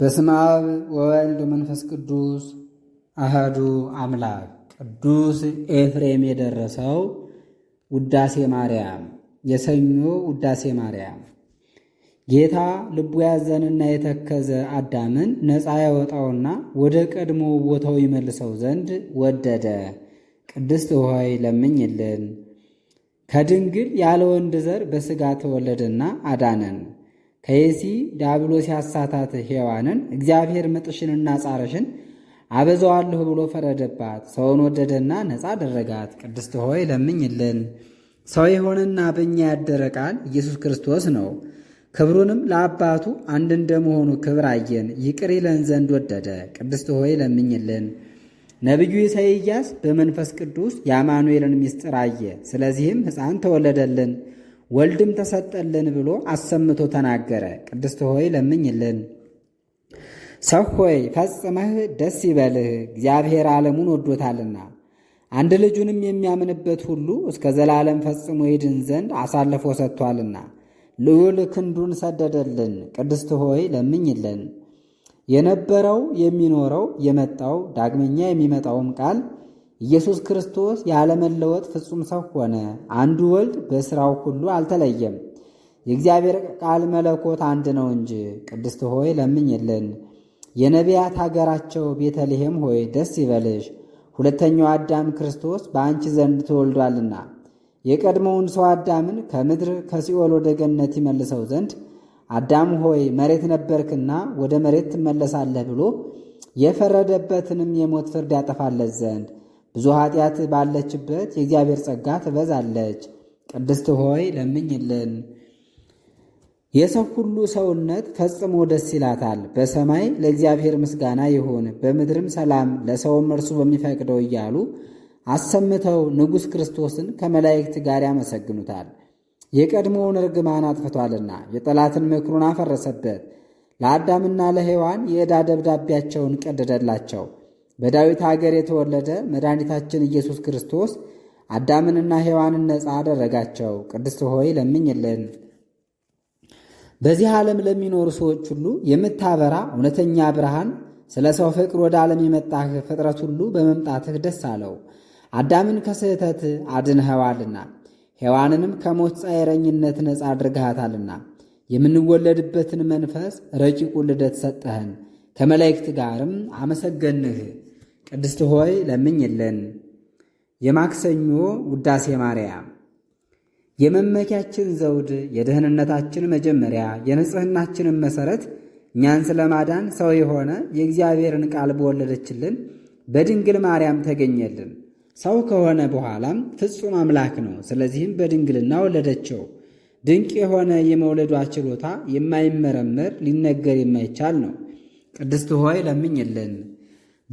በስመ አብ ወወልድ መንፈስ ቅዱስ አህዱ አምላክ። ቅዱስ ኤፍሬም የደረሰው ውዳሴ ማርያም የሰኞ ውዳሴ ማርያም ጌታ ልቡ ያዘንና የተከዘ አዳምን ነፃ ያወጣውና ወደ ቀድሞ ቦታው ይመልሰው ዘንድ ወደደ። ቅድስት ሆይ ለምኝልን። ከድንግል ያለ ወንድ ዘር በሥጋ ተወለደና አዳነን። ከየሲ ዲያብሎስ ያሳታት ሔዋንን እግዚአብሔር ምጥሽንና ጻረሽን አበዛዋለሁ ብሎ ፈረደባት። ሰውን ወደደና ነፃ አደረጋት። ቅድስት ሆይ ለምኝልን። ሰው የሆነና በእኛ ያደረ ቃል ኢየሱስ ክርስቶስ ነው። ክብሩንም ለአባቱ አንድ እንደመሆኑ ክብር አየን። ይቅር ይለን ዘንድ ወደደ። ቅድስት ሆይ ለምኝልን። ነቢዩ ኢሳይያስ በመንፈስ ቅዱስ የአማኑኤልን ምስጢር አየ። ስለዚህም ሕፃን ተወለደልን ወልድም ተሰጠልን ብሎ አሰምቶ ተናገረ። ቅድስት ሆይ ለምኝልን። ሰው ሆይ ፈጽመህ ደስ ይበልህ፣ እግዚአብሔር ዓለሙን ወዶታልና አንድ ልጁንም የሚያምንበት ሁሉ እስከ ዘላለም ፈጽሞ ይድን ዘንድ አሳልፎ ሰጥቷልና ልዑል ክንዱን ሰደደልን። ቅድስት ሆይ ለምኝልን። የነበረው የሚኖረው የመጣው ዳግመኛ የሚመጣውም ቃል ኢየሱስ ክርስቶስ ያለመለወጥ ፍጹም ሰው ሆነ። አንዱ ወልድ በሥራው ሁሉ አልተለየም። የእግዚአብሔር ቃል መለኮት አንድ ነው እንጂ። ቅድስት ሆይ ለምኝልን። የነቢያት ሀገራቸው ቤተልሔም ሆይ ደስ ይበልሽ፣ ሁለተኛው አዳም ክርስቶስ በአንቺ ዘንድ ተወልዷልና የቀድሞውን ሰው አዳምን ከምድር ከሲኦል ወደ ገነት ይመልሰው ዘንድ አዳም ሆይ መሬት ነበርክና ወደ መሬት ትመለሳለህ ብሎ የፈረደበትንም የሞት ፍርድ ያጠፋለት ዘንድ ብዙ ኃጢአት ባለችበት የእግዚአብሔር ጸጋ ትበዛለች። ቅድስት ሆይ ለምኝልን። የሰው ሁሉ ሰውነት ፈጽሞ ደስ ይላታል። በሰማይ ለእግዚአብሔር ምስጋና ይሁን፣ በምድርም ሰላም ለሰውም እርሱ በሚፈቅደው እያሉ አሰምተው ንጉሥ ክርስቶስን ከመላእክት ጋር ያመሰግኑታል። የቀድሞውን እርግማን አጥፍቷልና የጠላትን ምክሩን አፈረሰበት። ለአዳምና ለሔዋን የዕዳ ደብዳቤያቸውን ቀደደላቸው። በዳዊት አገር የተወለደ መድኃኒታችን ኢየሱስ ክርስቶስ አዳምንና ሔዋንን ነፃ አደረጋቸው። ቅድስት ሆይ ለምኝልን። በዚህ ዓለም ለሚኖሩ ሰዎች ሁሉ የምታበራ እውነተኛ ብርሃን፣ ስለ ሰው ፍቅር ወደ ዓለም የመጣህ ፍጥረት ሁሉ በመምጣትህ ደስ አለው። አዳምን ከስህተት አድንኸዋልና ሔዋንንም ከሞት ጻይረኝነት ነፃ አድርግሃታልና የምንወለድበትን መንፈስ ረቂቁ ልደት ሰጠህን። ከመላእክት ጋርም አመሰገንህ። ቅድስት ሆይ ለምኝልን። የማክሰኞ ውዳሴ ማርያም የመመኪያችን ዘውድ የደህንነታችን መጀመሪያ የንጽህናችንን መሠረት እኛን ስለማዳን ሰው የሆነ የእግዚአብሔርን ቃል በወለደችልን በድንግል ማርያም ተገኘልን። ሰው ከሆነ በኋላም ፍጹም አምላክ ነው። ስለዚህም በድንግልና ወለደችው። ድንቅ የሆነ የመውለዷ ችሎታ የማይመረመር ሊነገር የማይቻል ነው። ቅድስት ሆይ ለምኝልን።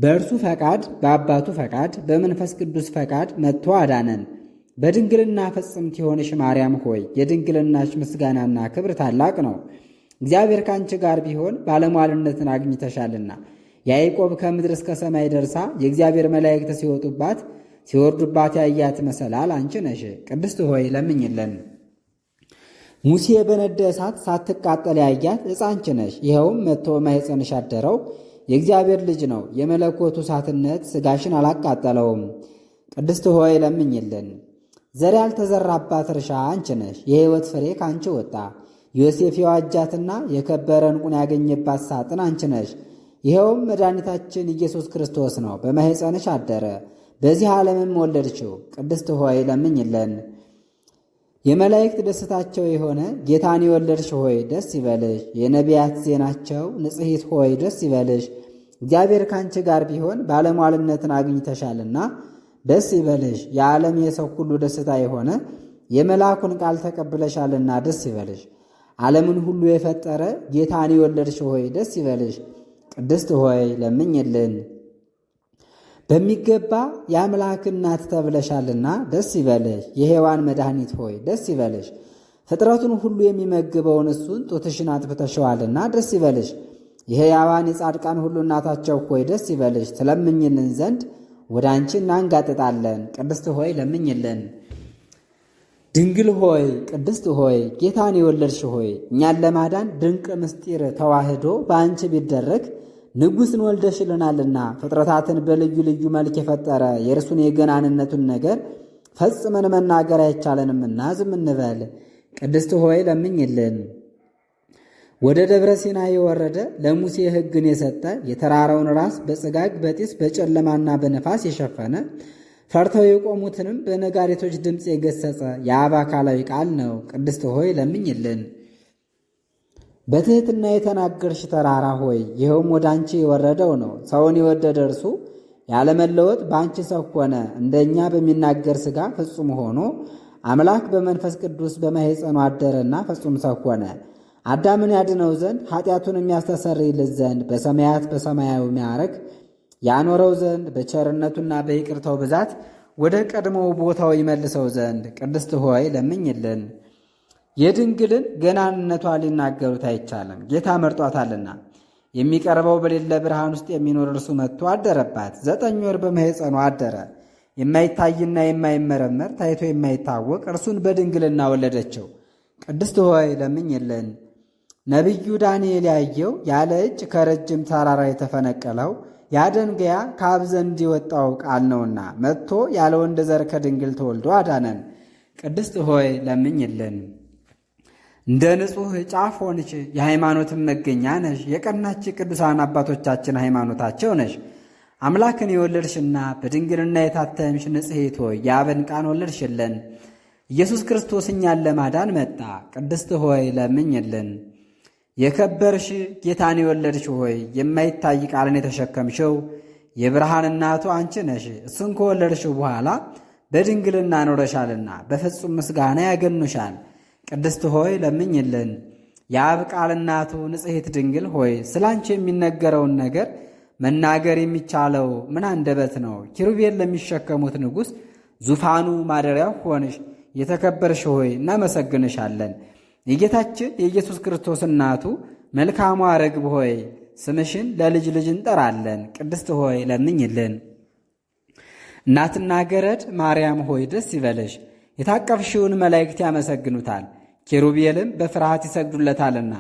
በእርሱ ፈቃድ በአባቱ ፈቃድ በመንፈስ ቅዱስ ፈቃድ መጥቶ አዳነን። በድንግልና ፍጽምት የሆንሽ ማርያም ሆይ የድንግልናሽ ምስጋናና ክብር ታላቅ ነው። እግዚአብሔር ከአንቺ ጋር ቢሆን ባለሟልነትን አግኝተሻልና ያዕቆብ ከምድር እስከ ሰማይ ደርሳ የእግዚአብሔር መላእክት ሲወጡባት ሲወርዱባት ያያት መሰላል አንቺ ነሽ። ቅድስት ሆይ ለምኝልን። ሙሴ የበነደ እሳት ሳትቃጠል ያያት ሕፃንች ነሽ፣ ይኸውም መጥቶ በማኅፀንሽ አደረው የእግዚአብሔር ልጅ ነው። የመለኮቱ እሳትነት ሥጋሽን አላቃጠለውም። ቅድስት ሆይ ለምኝልን። ዘር ያልተዘራባት እርሻ አንቺ ነሽ፣ የሕይወት ፍሬ ከአንቺ ወጣ። ዮሴፍ የዋጃትና የከበረ ዕንቁን ያገኘባት ሳጥን አንቺ ነሽ፣ ይኸውም መድኃኒታችን ኢየሱስ ክርስቶስ ነው። በማኅፀንሽ አደረ፣ በዚህ ዓለምም ወለድችው። ቅድስት ሆይ ለምኝልን። የመላእክት ደስታቸው የሆነ ጌታን የወለድሽ ሆይ ደስ ይበልሽ፣ የነቢያት ዜናቸው ንጽሕት ሆይ ደስ ይበልሽ፣ እግዚአብሔር ካንቺ ጋር ቢሆን ባለሟልነትን አግኝተሻልና ደስ ይበልሽ። የዓለም የሰው ሁሉ ደስታ የሆነ የመልአኩን ቃል ተቀብለሻልና ደስ ይበልሽ። ዓለምን ሁሉ የፈጠረ ጌታን የወለድሽ ሆይ ደስ ይበልሽ። ቅድስት ሆይ ለምኝልን። በሚገባ የአምላክ እናት ተብለሻልና ደስ ይበለሽ። የሔዋን መድኃኒት ሆይ ደስ ይበለሽ። ፍጥረቱን ሁሉ የሚመግበውን እሱን ጡትሽን አጥብተሸዋልና ደስ ይበለሽ። የሕያዋን የጻድቃን ሁሉ እናታቸው ሆይ ደስ ይበለሽ። ትለምኝልን ዘንድ ወደ አንቺ እናንጋጥጣለን። ቅድስት ሆይ ለምኝልን። ድንግል ሆይ ቅድስት ሆይ ጌታን የወለድሽ ሆይ እኛን ለማዳን ድንቅ ምስጢር ተዋህዶ በአንቺ ቢደረግ ንጉሥን ወልደሽልናልና ፍጥረታትን በልዩ ልዩ መልክ የፈጠረ የእርሱን የገናንነቱን ነገር ፈጽመን መናገር አይቻለንምና ዝም እንበል። ቅድስት ሆይ ለምኝልን። ወደ ደብረ ሲና የወረደ ለሙሴ ሕግን የሰጠ የተራራውን ራስ በጽጋግ በጢስ በጨለማና በነፋስ የሸፈነ ፈርተው የቆሙትንም በነጋሪቶች ድምፅ የገሰጸ የአብ አካላዊ ቃል ነው። ቅድስት ሆይ ለምኝልን። በትህትና የተናገርሽ ተራራ ሆይ ይኸውም ወደ አንቺ የወረደው ነው። ሰውን የወደደ እርሱ ያለመለወጥ በአንቺ ሰው ሆነ፣ እንደኛ በሚናገር ሥጋ ፍጹም ሆኖ አምላክ በመንፈስ ቅዱስ በመሄፀኑ አደረና ፍጹም ሰው ሆነ። አዳምን ያድነው ዘንድ ኃጢአቱን የሚያስተሰርይልት ዘንድ በሰማያት በሰማያዊ ማዕረግ ያኖረው ዘንድ በቸርነቱና በይቅርታው ብዛት ወደ ቀድሞው ቦታው ይመልሰው ዘንድ ቅድስት ሆይ ለምኝልን። የድንግልን ገናንነቷ ሊናገሩት አይቻልም፣ ጌታ መርጧታልና። የሚቀርበው በሌለ ብርሃን ውስጥ የሚኖር እርሱ መጥቶ አደረባት። ዘጠኝ ወር በማኅፀኗ አደረ። የማይታይና የማይመረመር ታይቶ የማይታወቅ እርሱን በድንግልና ወለደችው። ቅድስት ሆይ ለምኝልን። ነቢዩ ዳንኤል ያየው ያለ እጅ ከረጅም ተራራ የተፈነቀለው ያደንገያ ከአብ ዘንድ የወጣው ቃል ነውና መጥቶ ያለ ወንድ ዘር ከድንግል ተወልዶ አዳነን። ቅድስት ሆይ ለምኝልን። እንደ ንጹሕ ጫፍ ሆንሽ፣ የሃይማኖትን መገኛ ነሽ። የቀናች ቅዱሳን አባቶቻችን ሃይማኖታቸው ነሽ። አምላክን የወለድሽና በድንግልና የታተምሽ ንጽሔት ሆይ የአብን ወለድሽልን። ኢየሱስ ክርስቶስ እኛን ለማዳን መጣ። ቅድስት ሆይ ለምኝልን። የከበርሽ ጌታን የወለድሽ ሆይ የማይታይ ቃልን የተሸከምሽው የብርሃን እናቱ አንቺ ነሽ። እሱን ከወለድሽው በኋላ በድንግልና ኖረሻልና በፍጹም ምስጋና ያገኑሻል። ቅድስት ሆይ ለምኝልን። የአብ ቃል እናቱ ንጽሕት ድንግል ሆይ ስላንቺ የሚነገረውን ነገር መናገር የሚቻለው ምን አንደበት ነው? ኪሩቤል ለሚሸከሙት ንጉሥ ዙፋኑ ማደሪያው ሆንሽ። የተከበርሽ ሆይ እናመሰግንሻለን። የጌታችን የኢየሱስ ክርስቶስ እናቱ መልካሟ ርግብ ሆይ ስምሽን ለልጅ ልጅ እንጠራለን። ቅድስት ሆይ ለምኝልን። እናትና ገረድ ማርያም ሆይ ደስ ይበልሽ የታቀፍሽውን መላእክት ያመሰግኑታል፣ ኬሩቤልም በፍርሃት ይሰግዱለታልና።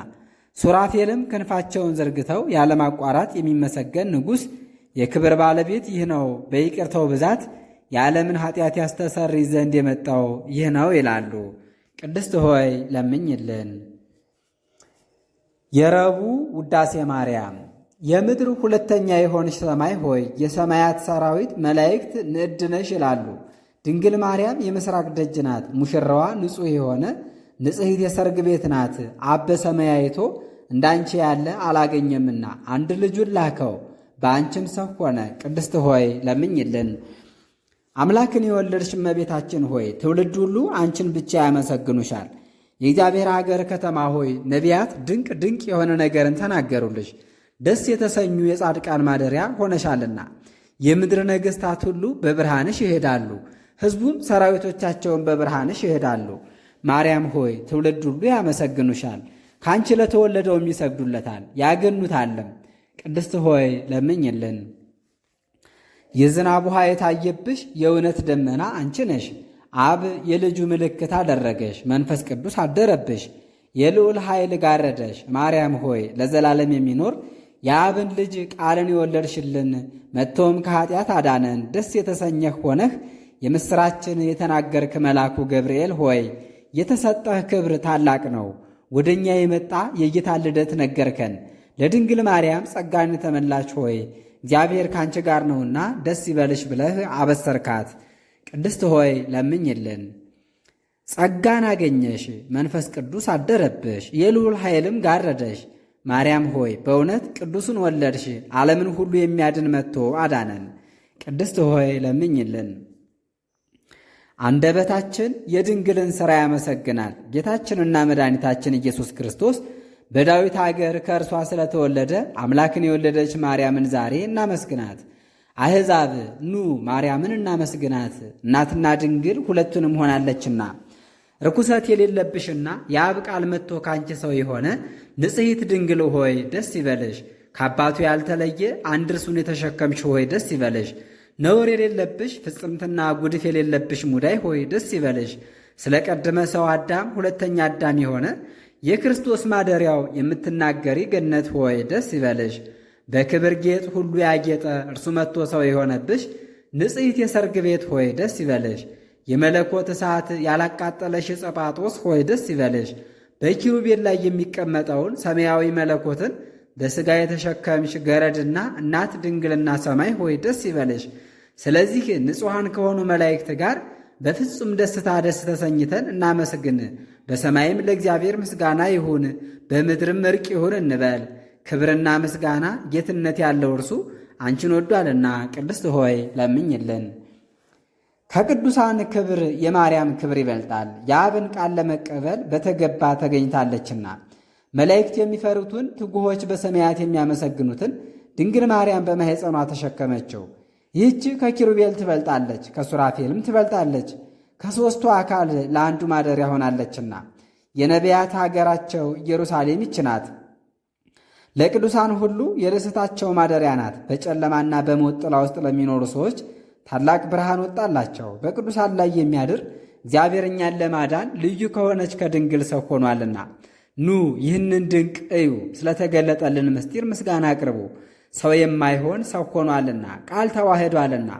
ሱራፌልም ክንፋቸውን ዘርግተው ያለማቋራት የሚመሰገን ንጉሥ የክብር ባለቤት ይህ ነው፣ በይቅርተው ብዛት የዓለምን ኃጢአት ያስተሰሪ ዘንድ የመጣው ይህ ነው ይላሉ። ቅድስት ሆይ ለምኝልን። የረቡዕ ውዳሴ ማርያም የምድር ሁለተኛ የሆንሽ ሰማይ ሆይ የሰማያት ሰራዊት መላእክት ንዕድነሽ ይላሉ። ድንግል ማርያም የምስራቅ ደጅ ናት፣ ሙሽራዋ ንጹሕ የሆነ ንጽሕት የሰርግ ቤት ናት። አበ ሰማያይቶ እንዳንቺ ያለ አላገኘምና አንድ ልጁን ላከው፣ በአንቺም ሰው ሆነ። ቅድስት ሆይ ለምኝልን። አምላክን የወለድሽ እመቤታችን ሆይ ትውልድ ሁሉ አንቺን ብቻ ያመሰግኑሻል። የእግዚአብሔር አገር ከተማ ሆይ ነቢያት ድንቅ ድንቅ የሆነ ነገርን ተናገሩልሽ። ደስ የተሰኙ የጻድቃን ማደሪያ ሆነሻልና የምድር ነገሥታት ሁሉ በብርሃንሽ ይሄዳሉ። ሕዝቡም ሰራዊቶቻቸውን በብርሃንሽ ይሄዳሉ። ማርያም ሆይ ትውልድ ሁሉ ያመሰግኑሻል፣ ከአንቺ ለተወለደውም ይሰግዱለታል ያገኑታለም። ቅድስት ሆይ ለምኝልን። የዝናብ ውሃ የታየብሽ የእውነት ደመና አንቺ ነሽ። አብ የልጁ ምልክት አደረገሽ፣ መንፈስ ቅዱስ አደረብሽ፣ የልዑል ኃይል ጋረደሽ። ማርያም ሆይ ለዘላለም የሚኖር የአብን ልጅ ቃልን የወለድሽልን መጥቶም ከኃጢአት አዳነን። ደስ የተሰኘህ ሆነህ የምሥራችን የተናገርክ መልአኩ ገብርኤል ሆይ የተሰጠህ ክብር ታላቅ ነው። ወደ እኛ የመጣ የጌታ ልደት ነገርከን። ለድንግል ማርያም ጸጋን የተመላች ሆይ እግዚአብሔር ካንቺ ጋር ነውና ደስ ይበልሽ ብለህ አበሰርካት። ቅድስት ሆይ ለምኝልን። ጸጋን አገኘሽ፣ መንፈስ ቅዱስ አደረብሽ፣ የልዑል ኃይልም ጋረደሽ። ማርያም ሆይ በእውነት ቅዱሱን ወለድሽ። ዓለምን ሁሉ የሚያድን መጥቶ አዳነን። ቅድስት ሆይ ለምኝልን። አንደበታችን የድንግልን ሥራ ያመሰግናል። ጌታችንና መድኃኒታችን ኢየሱስ ክርስቶስ በዳዊት አገር ከእርሷ ስለተወለደ አምላክን የወለደች ማርያምን ዛሬ እናመስግናት። አሕዛብ ኑ ማርያምን እናመስግናት፣ እናትና ድንግል ሁለቱንም ሆናለችና። ርኩሰት የሌለብሽና የአብ ቃል መጥቶ ካንቺ ሰው የሆነ ንጽሕት ድንግል ሆይ ደስ ይበልሽ። ከአባቱ ያልተለየ አንድ እርሱን የተሸከምሽ ሆይ ደስ ይበልሽ። ነውር የሌለብሽ ፍጽምትና ጉድፍ የሌለብሽ ሙዳይ ሆይ ደስ ይበልሽ። ስለ ቀደመ ሰው አዳም ሁለተኛ አዳም የሆነ የክርስቶስ ማደሪያው የምትናገሪ ገነት ሆይ ደስ ይበልሽ። በክብር ጌጥ ሁሉ ያጌጠ እርሱ መጥቶ ሰው የሆነብሽ ንጽሕት የሰርግ ቤት ሆይ ደስ ይበልሽ። የመለኮት እሳት ያላቃጠለሽ ጸጳጦስ ሆይ ደስ ይበልሽ። በኪሩቤል ላይ የሚቀመጠውን ሰማያዊ መለኮትን በሥጋ የተሸከምሽ ገረድና እናት ድንግልና ሰማይ ሆይ ደስ ይበልሽ። ስለዚህ ንጹሐን ከሆኑ መላእክት ጋር በፍጹም ደስታ ደስ ተሰኝተን እናመስግን። በሰማይም ለእግዚአብሔር ምስጋና ይሁን፣ በምድርም እርቅ ይሁን እንበል። ክብርና ምስጋና ጌትነት ያለው እርሱ አንቺን ወዷልና ቅድስት ሆይ ለምኝልን። ከቅዱሳን ክብር የማርያም ክብር ይበልጣል፣ የአብን ቃል ለመቀበል በተገባ ተገኝታለችና። መላእክት የሚፈሩትን ትጉሆች በሰማያት የሚያመሰግኑትን ድንግል ማርያም በማኅፀኗ ተሸከመችው። ይህች ከኪሩቤል ትበልጣለች፣ ከሱራፌልም ትበልጣለች፣ ከሦስቱ አካል ለአንዱ ማደሪያ ሆናለችና የነቢያት ሀገራቸው ኢየሩሳሌም ይች ናት። ለቅዱሳን ሁሉ የደስታቸው ማደሪያ ናት። በጨለማና በሞት ጥላ ውስጥ ለሚኖሩ ሰዎች ታላቅ ብርሃን ወጣላቸው። በቅዱሳን ላይ የሚያድር እግዚአብሔር እኛን ለማዳን ልዩ ከሆነች ከድንግል ሰው ሆኗልና ኑ ይህንን ድንቅ እዩ። ስለተገለጠልን ምስጢር ምስጋና አቅርቡ። ሰው የማይሆን ሰው ሆኗልና ቃል ተዋህዷልና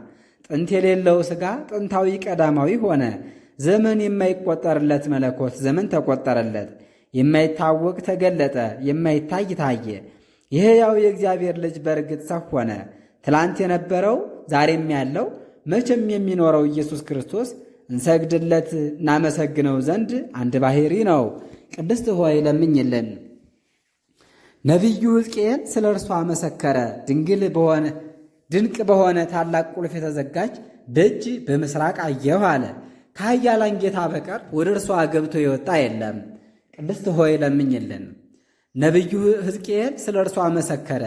ጥንት የሌለው ሥጋ ጥንታዊ ቀዳማዊ ሆነ። ዘመን የማይቆጠርለት መለኮት ዘመን ተቆጠረለት። የማይታወቅ ተገለጠ፣ የማይታይ ታየ። የሕያው የእግዚአብሔር ልጅ በእርግጥ ሰው ሆነ። ትላንት የነበረው ዛሬም ያለው መቼም የሚኖረው ኢየሱስ ክርስቶስ እንሰግድለት እናመሰግነው ዘንድ አንድ ባህሪ ነው። ቅድስት ሆይ ለምኝልን። ነቢዩ ሕዝቅኤል ስለ እርሷ መሰከረ። ድንግል በሆነ ድንቅ በሆነ ታላቅ ቁልፍ የተዘጋች ደጅ በምስራቅ አየሁ አለ። ከኃያላን ጌታ በቀር ወደ እርሷ ገብቶ የወጣ የለም። ቅድስት ሆይ ለምኝልን። ነቢዩ ሕዝቅኤል ስለ እርሷ መሰከረ።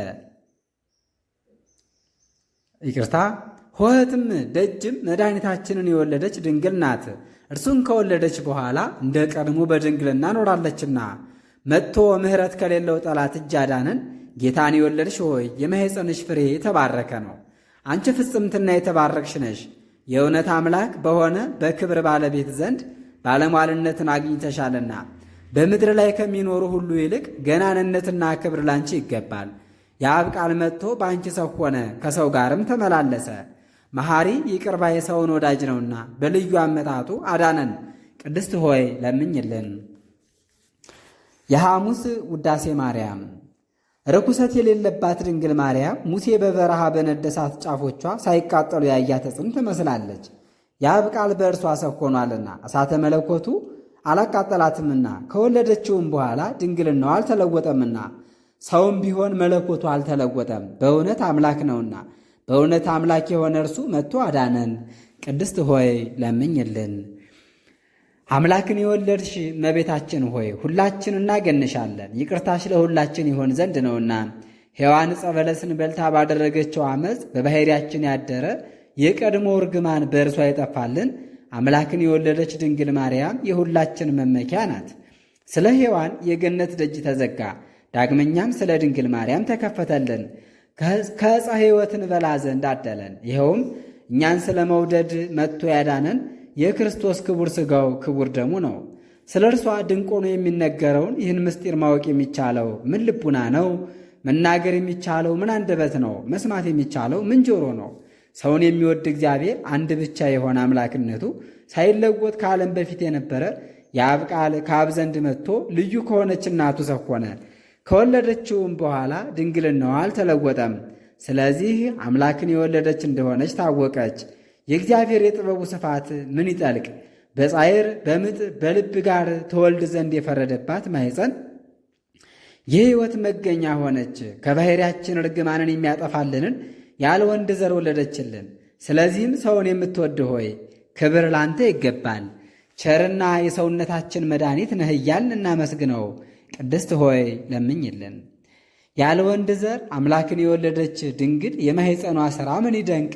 ይቅርታ ሆህትም ደጅም መድኃኒታችንን የወለደች ድንግል ናት። እርሱን ከወለደች በኋላ እንደ ቀድሞ በድንግልና ኖራለችና መጥቶ ምሕረት ከሌለው ጠላት እጅ አዳነን። ጌታን የወለድሽ ሆይ የማኅፀንሽ ፍሬ የተባረከ ነው። አንቺ ፍጽምትና የተባረክሽ ነሽ፣ የእውነት አምላክ በሆነ በክብር ባለቤት ዘንድ ባለሟልነትን አግኝተሻልና በምድር ላይ ከሚኖሩ ሁሉ ይልቅ ገናንነትና ክብር ላንቺ ይገባል። የአብ ቃል መጥቶ በአንቺ ሰው ሆነ፣ ከሰው ጋርም ተመላለሰ። መሐሪ ይቅርባ የሰውን ወዳጅ ነውና በልዩ አመጣጡ አዳነን። ቅድስት ሆይ ለምኝልን። የሐሙስ ውዳሴ ማርያም ርኩሰት የሌለባት ድንግል ማርያም ሙሴ በበረሃ በነደሳት ጫፎቿ ሳይቃጠሉ ያያት ዕፅን ትመስላለች። የአብ ቃል በእርሷ ሰኮኗልና እሳተ መለኮቱ አላቃጠላትምና ከወለደችውም በኋላ ድንግልናዋ አልተለወጠምና ሰውም ቢሆን መለኮቱ አልተለወጠም። በእውነት አምላክ ነውና በእውነት አምላክ የሆነ እርሱ መጥቶ አዳነን። ቅድስት ሆይ ለምኝልን። አምላክን የወለድሽ እመቤታችን ሆይ ሁላችን እናገንሻለን። ይቅርታሽ ለሁላችን ይሆን ዘንድ ነውና ሔዋን ዕፀ በለስን በልታ ባደረገችው ዓመፅ በባሕርያችን ያደረ የቀድሞ እርግማን በእርሷ ይጠፋልን። አምላክን የወለደች ድንግል ማርያም የሁላችን መመኪያ ናት። ስለ ሔዋን የገነት ደጅ ተዘጋ፣ ዳግመኛም ስለ ድንግል ማርያም ተከፈተልን። ከዕፀ ሕይወትን በላ ዘንድ አደለን። ይኸውም እኛን ስለ መውደድ መጥቶ ያዳነን የክርስቶስ ክቡር ሥጋው ክቡር ደሙ ነው። ስለ እርሷ ድንቅ የሚነገረውን ይህን ምስጢር ማወቅ የሚቻለው ምን ልቡና ነው? መናገር የሚቻለው ምን አንደበት ነው? መስማት የሚቻለው ምን ጆሮ ነው? ሰውን የሚወድ እግዚአብሔር አንድ ብቻ የሆነ አምላክነቱ ሳይለወጥ ከዓለም በፊት የነበረ የአብ ቃል ከአብ ዘንድ መጥቶ ልዩ ከሆነች እናቱ ሰኮነ። ከወለደችውም በኋላ ድንግልናዋ አልተለወጠም። ስለዚህ አምላክን የወለደች እንደሆነች ታወቀች። የእግዚአብሔር የጥበቡ ስፋት ምን ይጠልቅ? በጻይር በምጥ በልብ ጋር ተወልድ ዘንድ የፈረደባት ማይፀን የሕይወት መገኛ ሆነች። ከባሕርያችን ርግማንን የሚያጠፋልንን ያለ ወንድ ዘር ወለደችልን። ስለዚህም ሰውን የምትወድ ሆይ ክብር ላንተ ይገባል። ቸርና የሰውነታችን መድኃኒት ነህ እያልን እናመስግነው። ቅድስት ሆይ ለምኝልን። ያለ ወንድ ዘር አምላክን የወለደች ድንግል የማኅፀኗ ሥራ ምን ይደንቅ!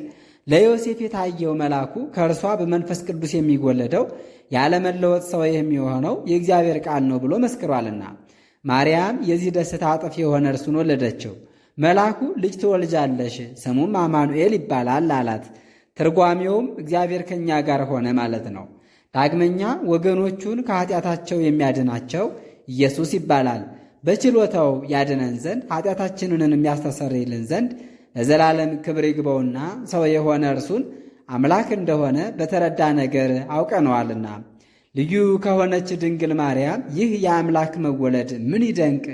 ለዮሴፍ የታየው መልአኩ ከእርሷ በመንፈስ ቅዱስ የሚወለደው ያለመለወጥ ሰው የሚሆነው የእግዚአብሔር ቃል ነው ብሎ መስክሯልና ማርያም የዚህ ደስታ አጥፍ የሆነ እርሱን ወለደችው። መልአኩ ልጅ ትወልጃለሽ፣ ስሙም አማኑኤል ይባላል አላት። ትርጓሜውም እግዚአብሔር ከእኛ ጋር ሆነ ማለት ነው። ዳግመኛ ወገኖቹን ከኃጢአታቸው የሚያድናቸው ኢየሱስ ይባላል። በችሎታው ያድነን ዘንድ ኃጢአታችንን የሚያስተሰርይልን ዘንድ ለዘላለም ክብር ይግበውና ሰው የሆነ እርሱን አምላክ እንደሆነ በተረዳ ነገር አውቀነዋልና። ልዩ ከሆነች ድንግል ማርያም ይህ የአምላክ መወለድ ምን ይደንቅ!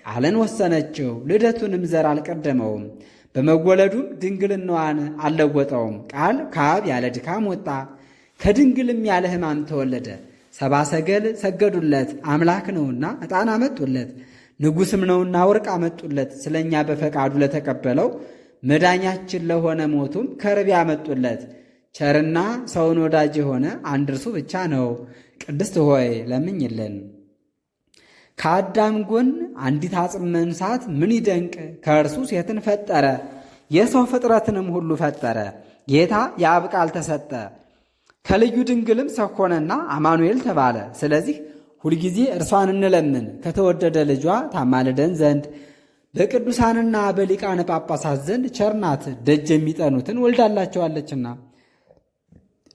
ቃልን ወሰነችው፣ ልደቱንም ዘር አልቀደመውም። በመወለዱም ድንግልናዋን አልለወጠውም። ቃል ከአብ ያለ ድካም ወጣ፣ ከድንግልም ያለ ሕማም ተወለደ። ሰባ ሰገል ሰገዱለት፣ አምላክ ነውና ዕጣን አመጡለት። ንጉሥም ነውና ወርቅ አመጡለት። ስለ እኛ በፈቃዱ ለተቀበለው መዳኛችን ለሆነ ሞቱም ከርቤ አመጡለት። ቸርና ሰውን ወዳጅ የሆነ አንድ እርሱ ብቻ ነው። ቅድስት ሆይ ለምኝልን። ከአዳም ጎን አንዲት አጽም መንሳት ምን ይደንቅ! ከእርሱ ሴትን ፈጠረ፣ የሰው ፍጥረትንም ሁሉ ፈጠረ። ጌታ የአብ ቃል ተሰጠ፣ ከልዩ ድንግልም ሰው ሆነና አማኑኤል ተባለ። ስለዚህ ሁልጊዜ እርሷን እንለምን ከተወደደ ልጇ ታማልደን ዘንድ በቅዱሳንና በሊቃነ ጳጳሳት ዘንድ ቸርናት ደጅ የሚጠኑትን ወልዳላቸዋለችና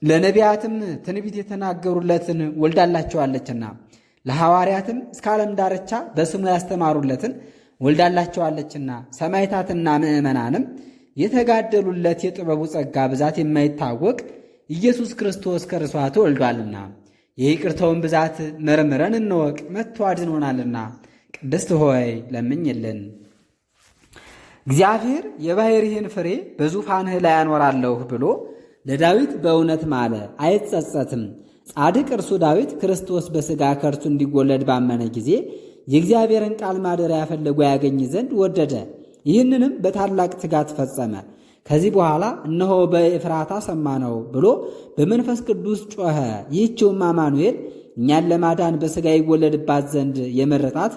ለነቢያትም ትንቢት የተናገሩለትን ወልዳላቸዋለችና ለሐዋርያትም እስከ ዓለም ዳርቻ በስሙ ያስተማሩለትን ወልዳላቸዋለችና ሰማይታትና ምእመናንም የተጋደሉለት የጥበቡ ጸጋ ብዛት የማይታወቅ ኢየሱስ ክርስቶስ ከርሷ ተወልዷልና የይቅርታውን ብዛት መርምረን እንወቅ፣ መጥቶ አድኖናልና። ቅድስት ሆይ ለምኝልን። እግዚአብሔር የባሕርህን ፍሬ በዙፋንህ ላይ አኖራለሁ ብሎ ለዳዊት በእውነት ማለ፣ አይጸጸትም። ጻድቅ እርሱ ዳዊት ክርስቶስ በሥጋ ከእርሱ እንዲወለድ ባመነ ጊዜ የእግዚአብሔርን ቃል ማደሪያ ፈለጎ ያገኝ ዘንድ ወደደ። ይህንንም በታላቅ ትጋት ፈጸመ። ከዚህ በኋላ እነሆ በኤፍራታ ሰማነው ብሎ በመንፈስ ቅዱስ ጮኸ። ይህችውም አማኑኤል እኛን ለማዳን በሥጋ ይወለድባት ዘንድ የመረጣት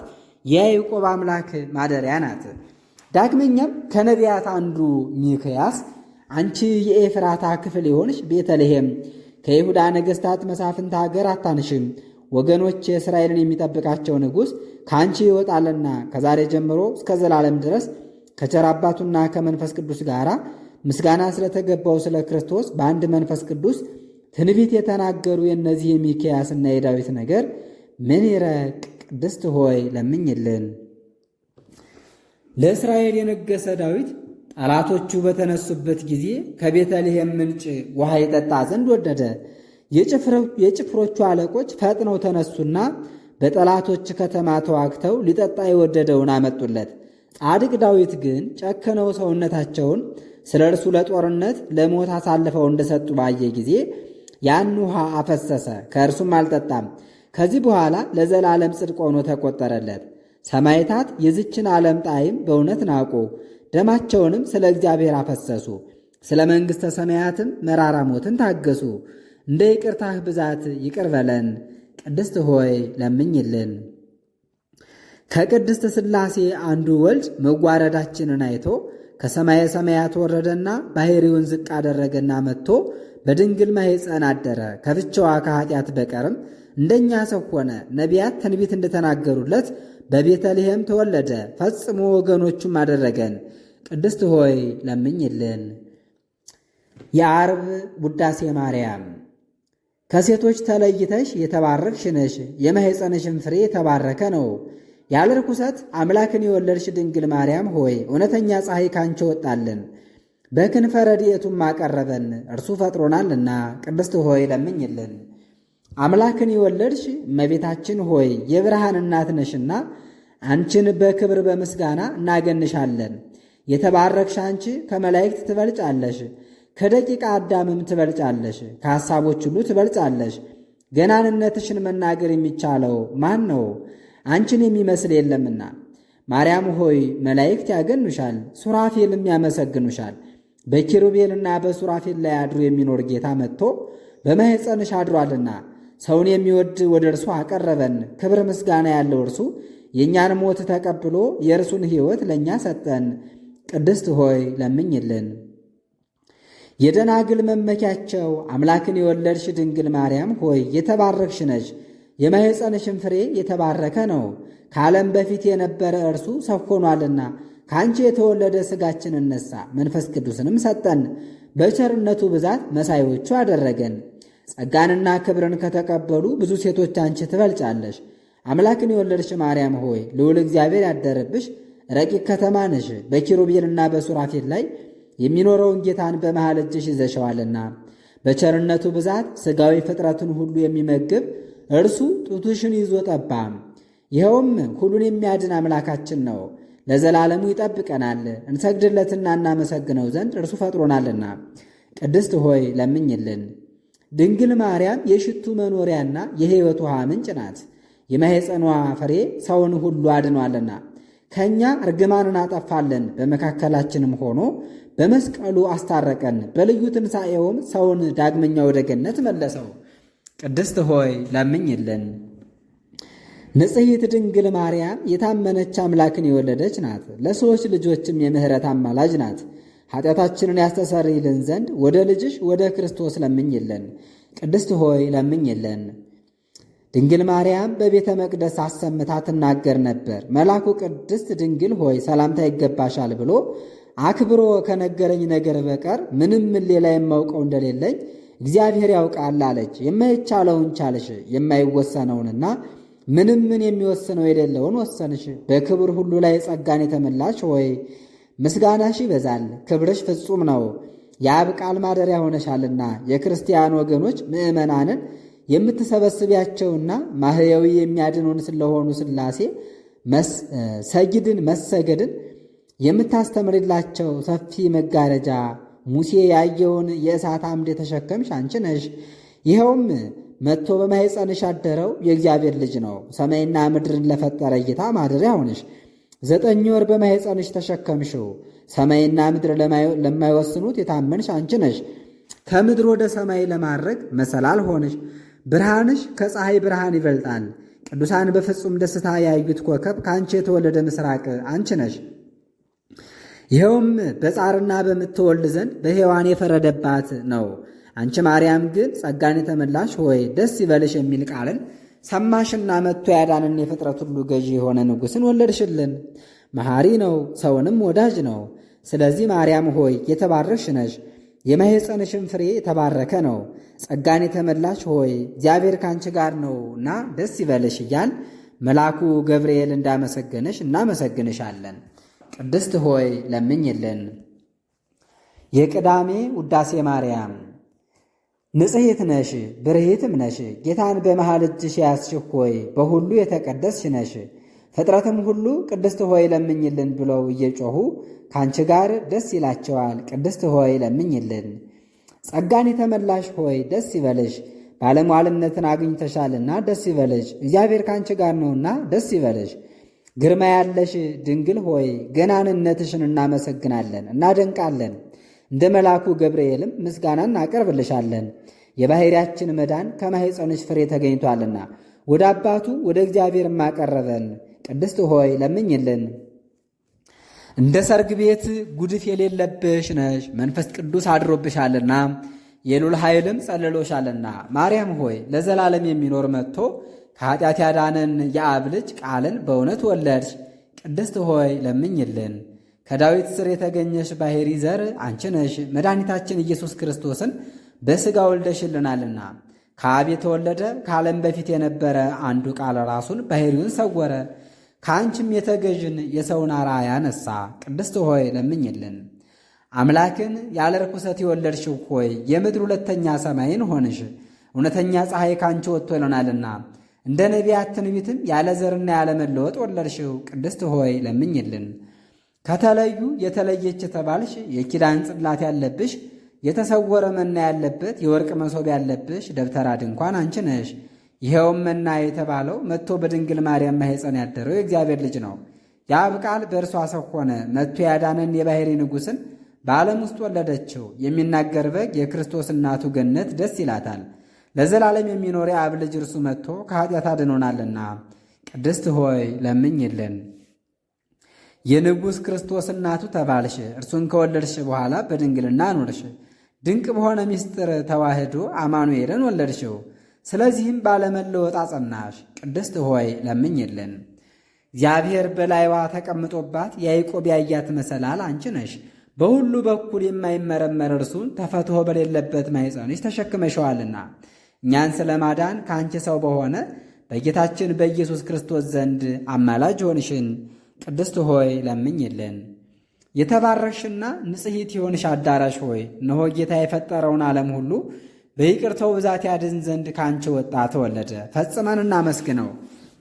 የያዕቆብ አምላክ ማደሪያ ናት። ዳግመኛም ከነቢያት አንዱ ሚክያስ አንቺ የኤፍራታ ክፍል የሆንሽ ቤተልሔም ከይሁዳ ነገሥታት መሳፍንት ሀገር አታንሽም፣ ወገኖች የእስራኤልን የሚጠብቃቸው ንጉሥ ከአንቺ ይወጣልና ከዛሬ ጀምሮ እስከ ዘላለም ድረስ ከቸር አባቱና ከመንፈስ ቅዱስ ጋር ምስጋና ስለተገባው ስለ ክርስቶስ በአንድ መንፈስ ቅዱስ ትንቢት የተናገሩ የእነዚህ እና የዳዊት ነገር ምን ይረቅ? ቅድስት ሆይ ለምኝልን። ለእስራኤል የነገሰ ዳዊት ጠላቶቹ በተነሱበት ጊዜ ከቤተልሔም ምንጭ ውሃ የጠጣ ዘንድ ወደደ። የጭፍሮቹ አለቆች ፈጥነው ተነሱና በጠላቶች ከተማ ተዋግተው ሊጠጣ የወደደውን አመጡለት። ጻድቅ ዳዊት ግን ጨከነው ሰውነታቸውን ስለ እርሱ ለጦርነት ለሞት አሳልፈው እንደሰጡ ባየ ጊዜ ያን ውሃ አፈሰሰ፣ ከእርሱም አልጠጣም። ከዚህ በኋላ ለዘላለም ጽድቅ ሆኖ ተቆጠረለት። ሰማይታት የዝችን ዓለም ጣዕም በእውነት ናቁ፣ ደማቸውንም ስለ እግዚአብሔር አፈሰሱ፣ ስለ መንግሥተ ሰማያትም መራራ ሞትን ታገሱ። እንደ ይቅርታህ ብዛት ይቅር በለን፣ ቅድስት ሆይ ለምኝልን። ከቅድስት ሥላሴ አንዱ ወልድ መዋረዳችንን አይቶ ከሰማየ ሰማያት ወረደና ባሕሪውን ዝቅ አደረገና መጥቶ በድንግል ማኅፀን አደረ። ከብቻዋ ከኃጢአት በቀርም እንደኛ ሰው ሆነ። ነቢያት ትንቢት እንደተናገሩለት በቤተልሔም ተወለደ። ፈጽሞ ወገኖቹም አደረገን። ቅድስት ሆይ ለምኝልን። የዓርብ ውዳሴ ማርያም ከሴቶች ተለይተሽ የተባረክሽ ነሽ። ፍሬ የተባረከ ነው። ያለ ርኩሰት አምላክን የወለድሽ ድንግል ማርያም ሆይ እውነተኛ ፀሐይ ካንቺ ወጣልን፣ በክንፈ ረድኤቱም አቀረበን እርሱ ፈጥሮናልና። ቅድስት ሆይ ለምኝልን። አምላክን የወለድሽ እመቤታችን ሆይ የብርሃን እናት ነሽና አንቺን በክብር በምስጋና እናገንሻለን። የተባረክሽ አንቺ ከመላእክት ትበልጫለሽ፣ ከደቂቃ አዳምም ትበልጫለሽ፣ ከሐሳቦች ሁሉ ትበልጫለሽ። ገናንነትሽን መናገር የሚቻለው ማን ነው? አንቺን የሚመስል የለምና። ማርያም ሆይ መላእክት ያገኑሻል፣ ሱራፌልም ያመሰግኑሻል። በኪሩቤልና በሱራፌል ላይ አድሮ የሚኖር ጌታ መጥቶ በማኅፀንሽ አድሯልና ሰውን የሚወድ ወደ እርሱ አቀረበን። ክብር ምስጋና ያለው እርሱ የእኛን ሞት ተቀብሎ የእርሱን ሕይወት ለእኛ ሰጠን። ቅድስት ሆይ ለምኝልን። የደናግል መመኪያቸው አምላክን የወለድሽ ድንግል ማርያም ሆይ የተባረክሽ ነሽ። የማኅፀንሽም ፍሬ የተባረከ ነው። ከዓለም በፊት የነበረ እርሱ ሰው ሆኗልና ከአንቺ የተወለደ ሥጋችን እነሳ። መንፈስ ቅዱስንም ሰጠን፣ በቸርነቱ ብዛት መሳዮቹ አደረገን። ጸጋንና ክብርን ከተቀበሉ ብዙ ሴቶች አንቺ ትበልጫለሽ። አምላክን የወለድሽ ማርያም ሆይ ልዑል እግዚአብሔር ያደረብሽ ረቂቅ ከተማ ነሽ። በኪሩቤልና በሱራፌል ላይ የሚኖረውን ጌታን በመሃል እጅሽ ይዘሸዋልና በቸርነቱ ብዛት ሥጋዊ ፍጥረትን ሁሉ የሚመግብ እርሱ ጡትሽን ይዞ ጠባ። ይኸውም ሁሉን የሚያድን አምላካችን ነው፣ ለዘላለሙ ይጠብቀናል። እንሰግድለትና እናመሰግነው ዘንድ እርሱ ፈጥሮናልና። ቅድስት ሆይ ለምኝልን። ድንግል ማርያም የሽቱ መኖሪያና የሕይወት ውሃ ምንጭ ናት። የማኅፀኗ ፍሬ ሰውን ሁሉ አድኗልና ከእኛ እርግማንን አጠፋለን፣ በመካከላችንም ሆኖ በመስቀሉ አስታረቀን። በልዩ ትንሣኤውም ሰውን ዳግመኛ ወደ ገነት መለሰው። ቅድስት ሆይ ለምኝልን። ንጽሕት ድንግል ማርያም የታመነች አምላክን የወለደች ናት። ለሰዎች ልጆችም የምሕረት አማላጅ ናት። ኃጢአታችንን ያስተሰርይልን ዘንድ ወደ ልጅሽ ወደ ክርስቶስ ለምኝልን። ቅድስት ሆይ ለምኝልን። ድንግል ማርያም በቤተ መቅደስ አሰምታ ትናገር ነበር። መልአኩ ቅድስት ድንግል ሆይ ሰላምታ ይገባሻል ብሎ አክብሮ ከነገረኝ ነገር በቀር ምንም ሌላ የማውቀው እንደሌለኝ እግዚአብሔር ያውቃል አለች። የማይቻለውን ቻልሽ፣ የማይወሰነውንና ምንም ምን የሚወስነው የሌለውን ወሰንሽ። በክብር ሁሉ ላይ ጸጋን የተመላሽ ሆይ ምስጋናሽ ይበዛል፣ ክብርሽ ፍጹም ነው። የአብ ቃል ማደሪያ ሆነሻልና የክርስቲያን ወገኖች ምዕመናንን የምትሰበስቢያቸውና ማህያዊ የሚያድኑን ስለሆኑ ስላሴ ሰጊድን መሰገድን የምታስተምርላቸው ሰፊ መጋረጃ ሙሴ ያየውን የእሳት አምድ የተሸከምሽ አንቺ ነሽ። ይኸውም መጥቶ በማኅፀንሽ ያደረው የእግዚአብሔር ልጅ ነው። ሰማይና ምድርን ለፈጠረ ጌታ ማደሪያ ሆንሽ። ዘጠኝ ወር በማኅፀንሽ ተሸከምሽው። ሰማይና ምድር ለማይወስኑት የታመንሽ አንቺ ነሽ። ከምድር ወደ ሰማይ ለማድረግ መሰላል ሆንሽ። ብርሃንሽ ከፀሐይ ብርሃን ይበልጣል። ቅዱሳን በፍጹም ደስታ ያዩት ኮከብ ከአንቺ የተወለደ ምስራቅ አንቺ ነሽ። ይኸውም በጻርና በምትወልድ ዘንድ በሔዋን የፈረደባት ነው። አንቺ ማርያም ግን ጸጋን የተመላሽ ሆይ ደስ ይበልሽ የሚል ቃልን ሰማሽና መጥቶ ያዳንን የፍጥረት ሁሉ ገዢ የሆነ ንጉሥን ወለድሽልን። መሐሪ ነው፣ ሰውንም ወዳጅ ነው። ስለዚህ ማርያም ሆይ የተባረክሽ ነሽ፣ የማኅፀንሽም ፍሬ የተባረከ ነው። ጸጋን የተመላሽ ሆይ እግዚአብሔር ካንቺ ጋር ነውና ደስ ይበልሽ እያል መልአኩ ገብርኤል እንዳመሰገነሽ እናመሰግንሻለን። ቅድስት ሆይ ለምኝልን። የቅዳሜ ውዳሴ ማርያም ንጽሕት ነሽ ብርሂትም ነሽ ጌታን በመሃል እጅሽ ያዝሽ ሆይ በሁሉ የተቀደስሽ ነሽ። ፍጥረትም ሁሉ ቅድስት ሆይ ለምኝልን ብለው እየጮኹ ካንቺ ጋር ደስ ይላቸዋል። ቅድስት ሆይ ለምኝልን። ጸጋን የተመላሽ ሆይ ደስ ይበልሽ፣ ባለሟልነትን አግኝተሻልና ደስ ይበልሽ። እግዚአብሔር ካንቺ ጋር ነውና ደስ ይበልሽ። ግርማ ያለሽ ድንግል ሆይ ገናንነትሽን እናመሰግናለን እናደንቃለን። እንደ መልአኩ ገብርኤልም ምስጋና እናቀርብልሻለን። የባሕርያችን መዳን ከማኅፀንሽ ፍሬ ተገኝቷልና ወደ አባቱ ወደ እግዚአብሔር ማቀረበን። ቅድስት ሆይ ለምኝልን። እንደ ሰርግ ቤት ጉድፍ የሌለብሽ ነሽ፣ መንፈስ ቅዱስ አድሮብሻልና የሉል ኃይልም ጸልሎሻልና። ማርያም ሆይ ለዘላለም የሚኖር መጥቶ ከኃጢአት ያዳነን የአብ ልጅ ቃልን በእውነት ወለድሽ፣ ቅድስት ሆይ ለምኝልን። ከዳዊት ስር የተገኘሽ ባሕሪ ዘር አንቺ ነሽ። መድኃኒታችን ኢየሱስ ክርስቶስን በሥጋ ወልደሽልናልና ከአብ የተወለደ ከዓለም በፊት የነበረ አንዱ ቃል ራሱን ባሕሪውን ሰወረ፣ ከአንቺም የተገዥን የሰውን አርአያ ያነሳ ቅድስት ሆይ ለምኝልን። አምላክን ያለ ርኩሰት የወለድሽው ሆይ የምድር ሁለተኛ ሰማይን ሆንሽ። እውነተኛ ፀሐይ ካንቺ ወጥቶ ይለናልና እንደ ነቢያት ትንቢትም ያለ ዘርና ያለ መለወጥ ወለድሽው ቅድስት ሆይ ለምኝልን። ከተለዩ የተለየች የተባልሽ የኪዳን ጽላት ያለብሽ የተሰወረ መና ያለበት የወርቅ መሶብ ያለብሽ ደብተራ ድንኳን አንቺ ነሽ። ይኸውም መና የተባለው መጥቶ በድንግል ማርያም ማኅፀን ያደረው የእግዚአብሔር ልጅ ነው። የአብ ቃል በእርሷ ሰው ሆነ። መጥቶ ያዳነን የባሕሪ ንጉሥን በዓለም ውስጥ ወለደችው። የሚናገር በግ የክርስቶስ እናቱ ገነት ደስ ይላታል። ለዘላለም የሚኖር የአብ ልጅ እርሱ መጥቶ ከኃጢአት አድኖናልና፣ ቅድስት ሆይ ለምኝልን። የንጉሥ ክርስቶስ እናቱ ተባልሽ፣ እርሱን ከወለድሽ በኋላ በድንግልና ኖርሽ። ድንቅ በሆነ ምስጢር ተዋህዶ አማኑኤልን ወለድሽው። ስለዚህም ባለመለወጥ አጸናሽ። ቅድስት ሆይ ለምኝልን። እግዚአብሔር በላይዋ ተቀምጦባት ያዕቆብ ያያት መሰላል አንቺ ነሽ። በሁሉ በኩል የማይመረመር እርሱን ተፈትሆ በሌለበት ማኅፀንሽ ተሸክመሸዋልና እኛን ስለ ማዳን ከአንቺ ሰው በሆነ በጌታችን በኢየሱስ ክርስቶስ ዘንድ አማላጅ ሆንሽን ቅድስት ሆይ ለምኝልን። የተባረክሽና ንጽሕት የሆንሽ አዳራሽ ሆይ እነሆ ጌታ የፈጠረውን ዓለም ሁሉ በይቅርተው ብዛት ያድን ዘንድ ከአንቺ ወጣ ተወለደ። ፈጽመን እናመስግነው፣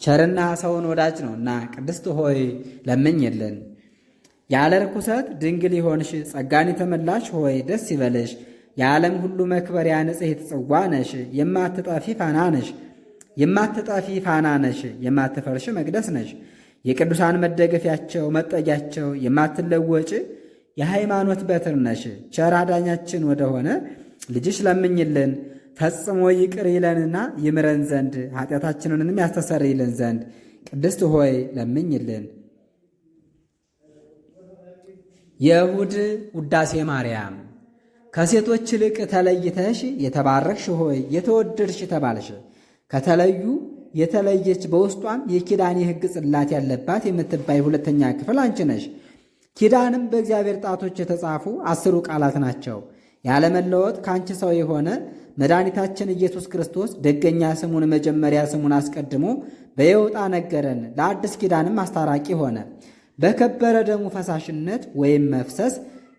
ቸርና ሰውን ወዳጅ ነውና። ቅድስት ሆይ ለምኝልን። ያለ ርኩሰት ድንግል የሆንሽ ጸጋን የተመላሽ ሆይ ደስ ይበልሽ። የዓለም ሁሉ መክበሪያ ንጽሕት ጽዋ ነሽ። የማትጠፊ ፋና ነሽ። የማትጠፊ ፋና ነሽ። የማትፈርሽ መቅደስ ነሽ። የቅዱሳን መደገፊያቸው መጠጊያቸው የማትለወጭ የሃይማኖት በትር ነሽ። ቸር አዳኛችን ወደሆነ ልጅሽ ለምኝልን ፈጽሞ ይቅር ይለንና ይምረን ዘንድ ኃጢአታችንንም ያስተሰርይልን ዘንድ ቅድስት ሆይ ለምኝልን። የእሁድ ውዳሴ ማርያም ከሴቶች ይልቅ ተለይተሽ የተባረክሽ ሆይ የተወደድሽ ተባልሽ። ከተለዩ የተለየች በውስጧም የኪዳን የሕግ ጽላት ያለባት የምትባይ ሁለተኛ ክፍል አንቺ ነሽ። ኪዳንም በእግዚአብሔር ጣቶች የተጻፉ አስሩ ቃላት ናቸው። ያለመለወጥ ከአንቺ ሰው የሆነ መድኃኒታችን ኢየሱስ ክርስቶስ ደገኛ ስሙን መጀመሪያ ስሙን አስቀድሞ በየውጣ ነገረን። ለአዲስ ኪዳንም አስታራቂ ሆነ። በከበረ ደሙ ፈሳሽነት ወይም መፍሰስ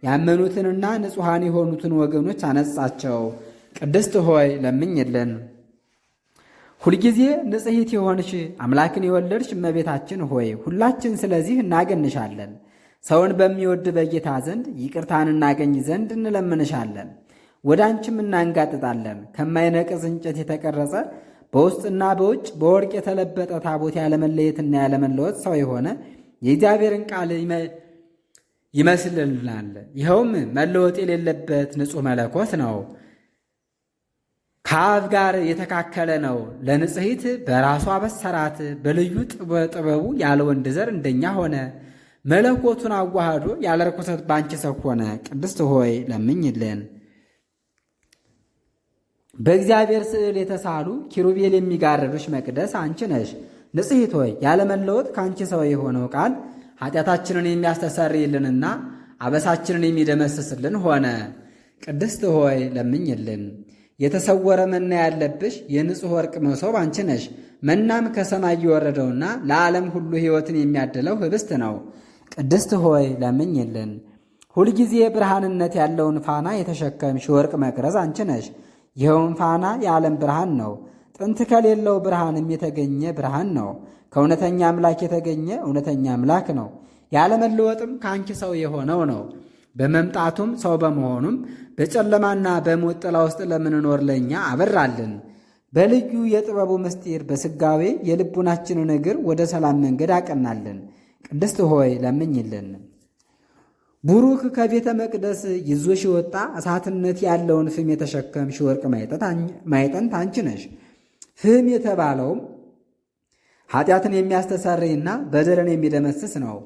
ያመኑትንና ንጹሐን የሆኑትን ወገኖች አነጻቸው። ቅድስት ሆይ ለምኝልን። ሁልጊዜ ንጽሕት የሆንሽ አምላክን የወለድሽ እመቤታችን ሆይ ሁላችን ስለዚህ እናገንሻለን። ሰውን በሚወድ በጌታ ዘንድ ይቅርታን እናገኝ ዘንድ እንለምንሻለን። ወደ አንቺም እናንጋጥጣለን። ከማይነቅዝ እንጨት የተቀረጸ በውስጥና በውጭ በወርቅ የተለበጠ ታቦት ያለመለየትና ያለመለወጥ ሰው የሆነ የእግዚአብሔርን ቃል ይመስልልናል። ይኸውም መለወጥ የሌለበት ንጹሕ መለኮት ነው። ከአብ ጋር የተካከለ ነው። ለንጽሕት በራሷ በሰራት በልዩ ጥበቡ ያለ ወንድ ዘር እንደኛ ሆነ። መለኮቱን አዋህዶ ያለ ርኩሰት ባንቺ ሰው ሆነ። ቅድስት ሆይ ለምኝልን። በእግዚአብሔር ስዕል የተሳሉ ኪሩቤል የሚጋርዱሽ መቅደስ አንቺ ነሽ። ንጽሕት ሆይ መለወጥ ከአንቺ ሰው የሆነው ቃል ኃጢአታችንን የሚያስተሰርይልንና አበሳችንን የሚደመስስልን ሆነ። ቅድስት ሆይ ለምኝልን። የተሰወረ መና ያለብሽ የንጹሕ ወርቅ መሶብ አንቺ ነሽ። መናም ከሰማይ የወረደውና ለዓለም ሁሉ ሕይወትን የሚያድለው ኅብስት ነው። ቅድስት ሆይ ለምኝልን። ሁልጊዜ ብርሃንነት ያለውን ፋና የተሸከምሽ ወርቅ መቅረዝ አንቺ ነሽ። ይኸውም ፋና የዓለም ብርሃን ነው። ጥንት ከሌለው ብርሃንም የተገኘ ብርሃን ነው። ከእውነተኛ አምላክ የተገኘ እውነተኛ አምላክ ነው። ያለመለወጥም ከአንቺ ሰው የሆነው ነው። በመምጣቱም ሰው በመሆኑም በጨለማና በሞት ጥላ ውስጥ ለምንኖር ለእኛ አበራልን። በልዩ የጥበቡ ምስጢር በስጋዌ የልቡናችንን እግር ወደ ሰላም መንገድ አቀናልን። ቅድስት ሆይ ለምኝልን። ቡሩክ ከቤተ መቅደስ ይዞ ሲወጣ እሳትነት ያለውን ፍም የተሸከምሽ ወርቅ ማይጠን አንቺ ነሽ። ህም የተባለውም ኃጢአትን የሚያስተሰርይና በደልን የሚደመስስ ነው።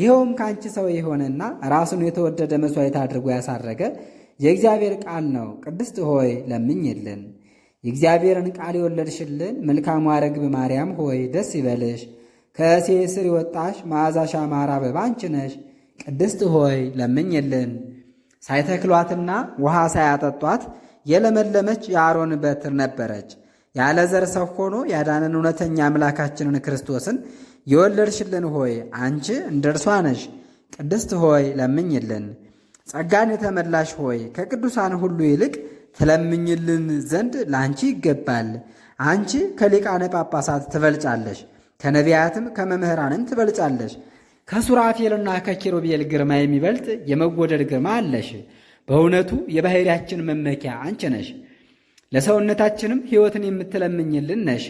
ይኸውም ከአንቺ ሰው የሆነና ራሱን የተወደደ መሥዋዕት አድርጎ ያሳረገ የእግዚአብሔር ቃል ነው። ቅድስት ሆይ ለምኝልን። የእግዚአብሔርን ቃል የወለድሽልን መልካሙ አረግብ ማርያም ሆይ ደስ ይበልሽ። ከእሴ ስር የወጣሽ መዓዛሽ ያማረ አበባ አንቺ ነሽ። ቅድስት ሆይ ለምኝልን። ሳይተክሏትና ውሃ ሳያጠጧት የለመለመች የአሮን በትር ነበረች። ያለ ዘር ሰው ሆኖ ያዳነን እውነተኛ አምላካችንን ክርስቶስን የወለድሽልን ሆይ አንቺ እንደ እርሷ ነሽ። ቅድስት ሆይ ለምኝልን። ጸጋን የተመላሽ ሆይ ከቅዱሳን ሁሉ ይልቅ ትለምኝልን ዘንድ ለአንቺ ይገባል። አንቺ ከሊቃነ ጳጳሳት ትበልጫለሽ፣ ከነቢያትም ከመምህራንም ትበልጫለሽ። ከሱራፌልና ከኪሩቤል ግርማ የሚበልጥ የመወደድ ግርማ አለሽ። በእውነቱ የባሕርያችን መመኪያ አንቺ ነሽ። ለሰውነታችንም ሕይወትን የምትለምኝልን ነሽ።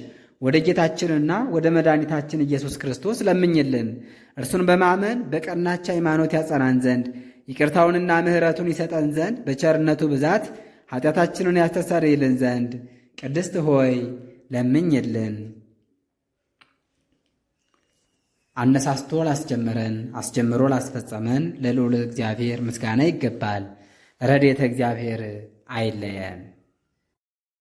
ወደ ጌታችንና ወደ መድኃኒታችን ኢየሱስ ክርስቶስ ለምኝልን። እርሱን በማመን በቀናች ሃይማኖት ያጸናን ዘንድ ይቅርታውንና ምሕረቱን ይሰጠን ዘንድ በቸርነቱ ብዛት ኃጢአታችንን ያስተሰርይልን ዘንድ ቅድስት ሆይ ለምኝልን። አነሳስቶ ላስጀመረን አስጀምሮ ላስፈጸመን ለልዑል እግዚአብሔር ምስጋና ይገባል። ረድኤተ እግዚአብሔር አይለየን።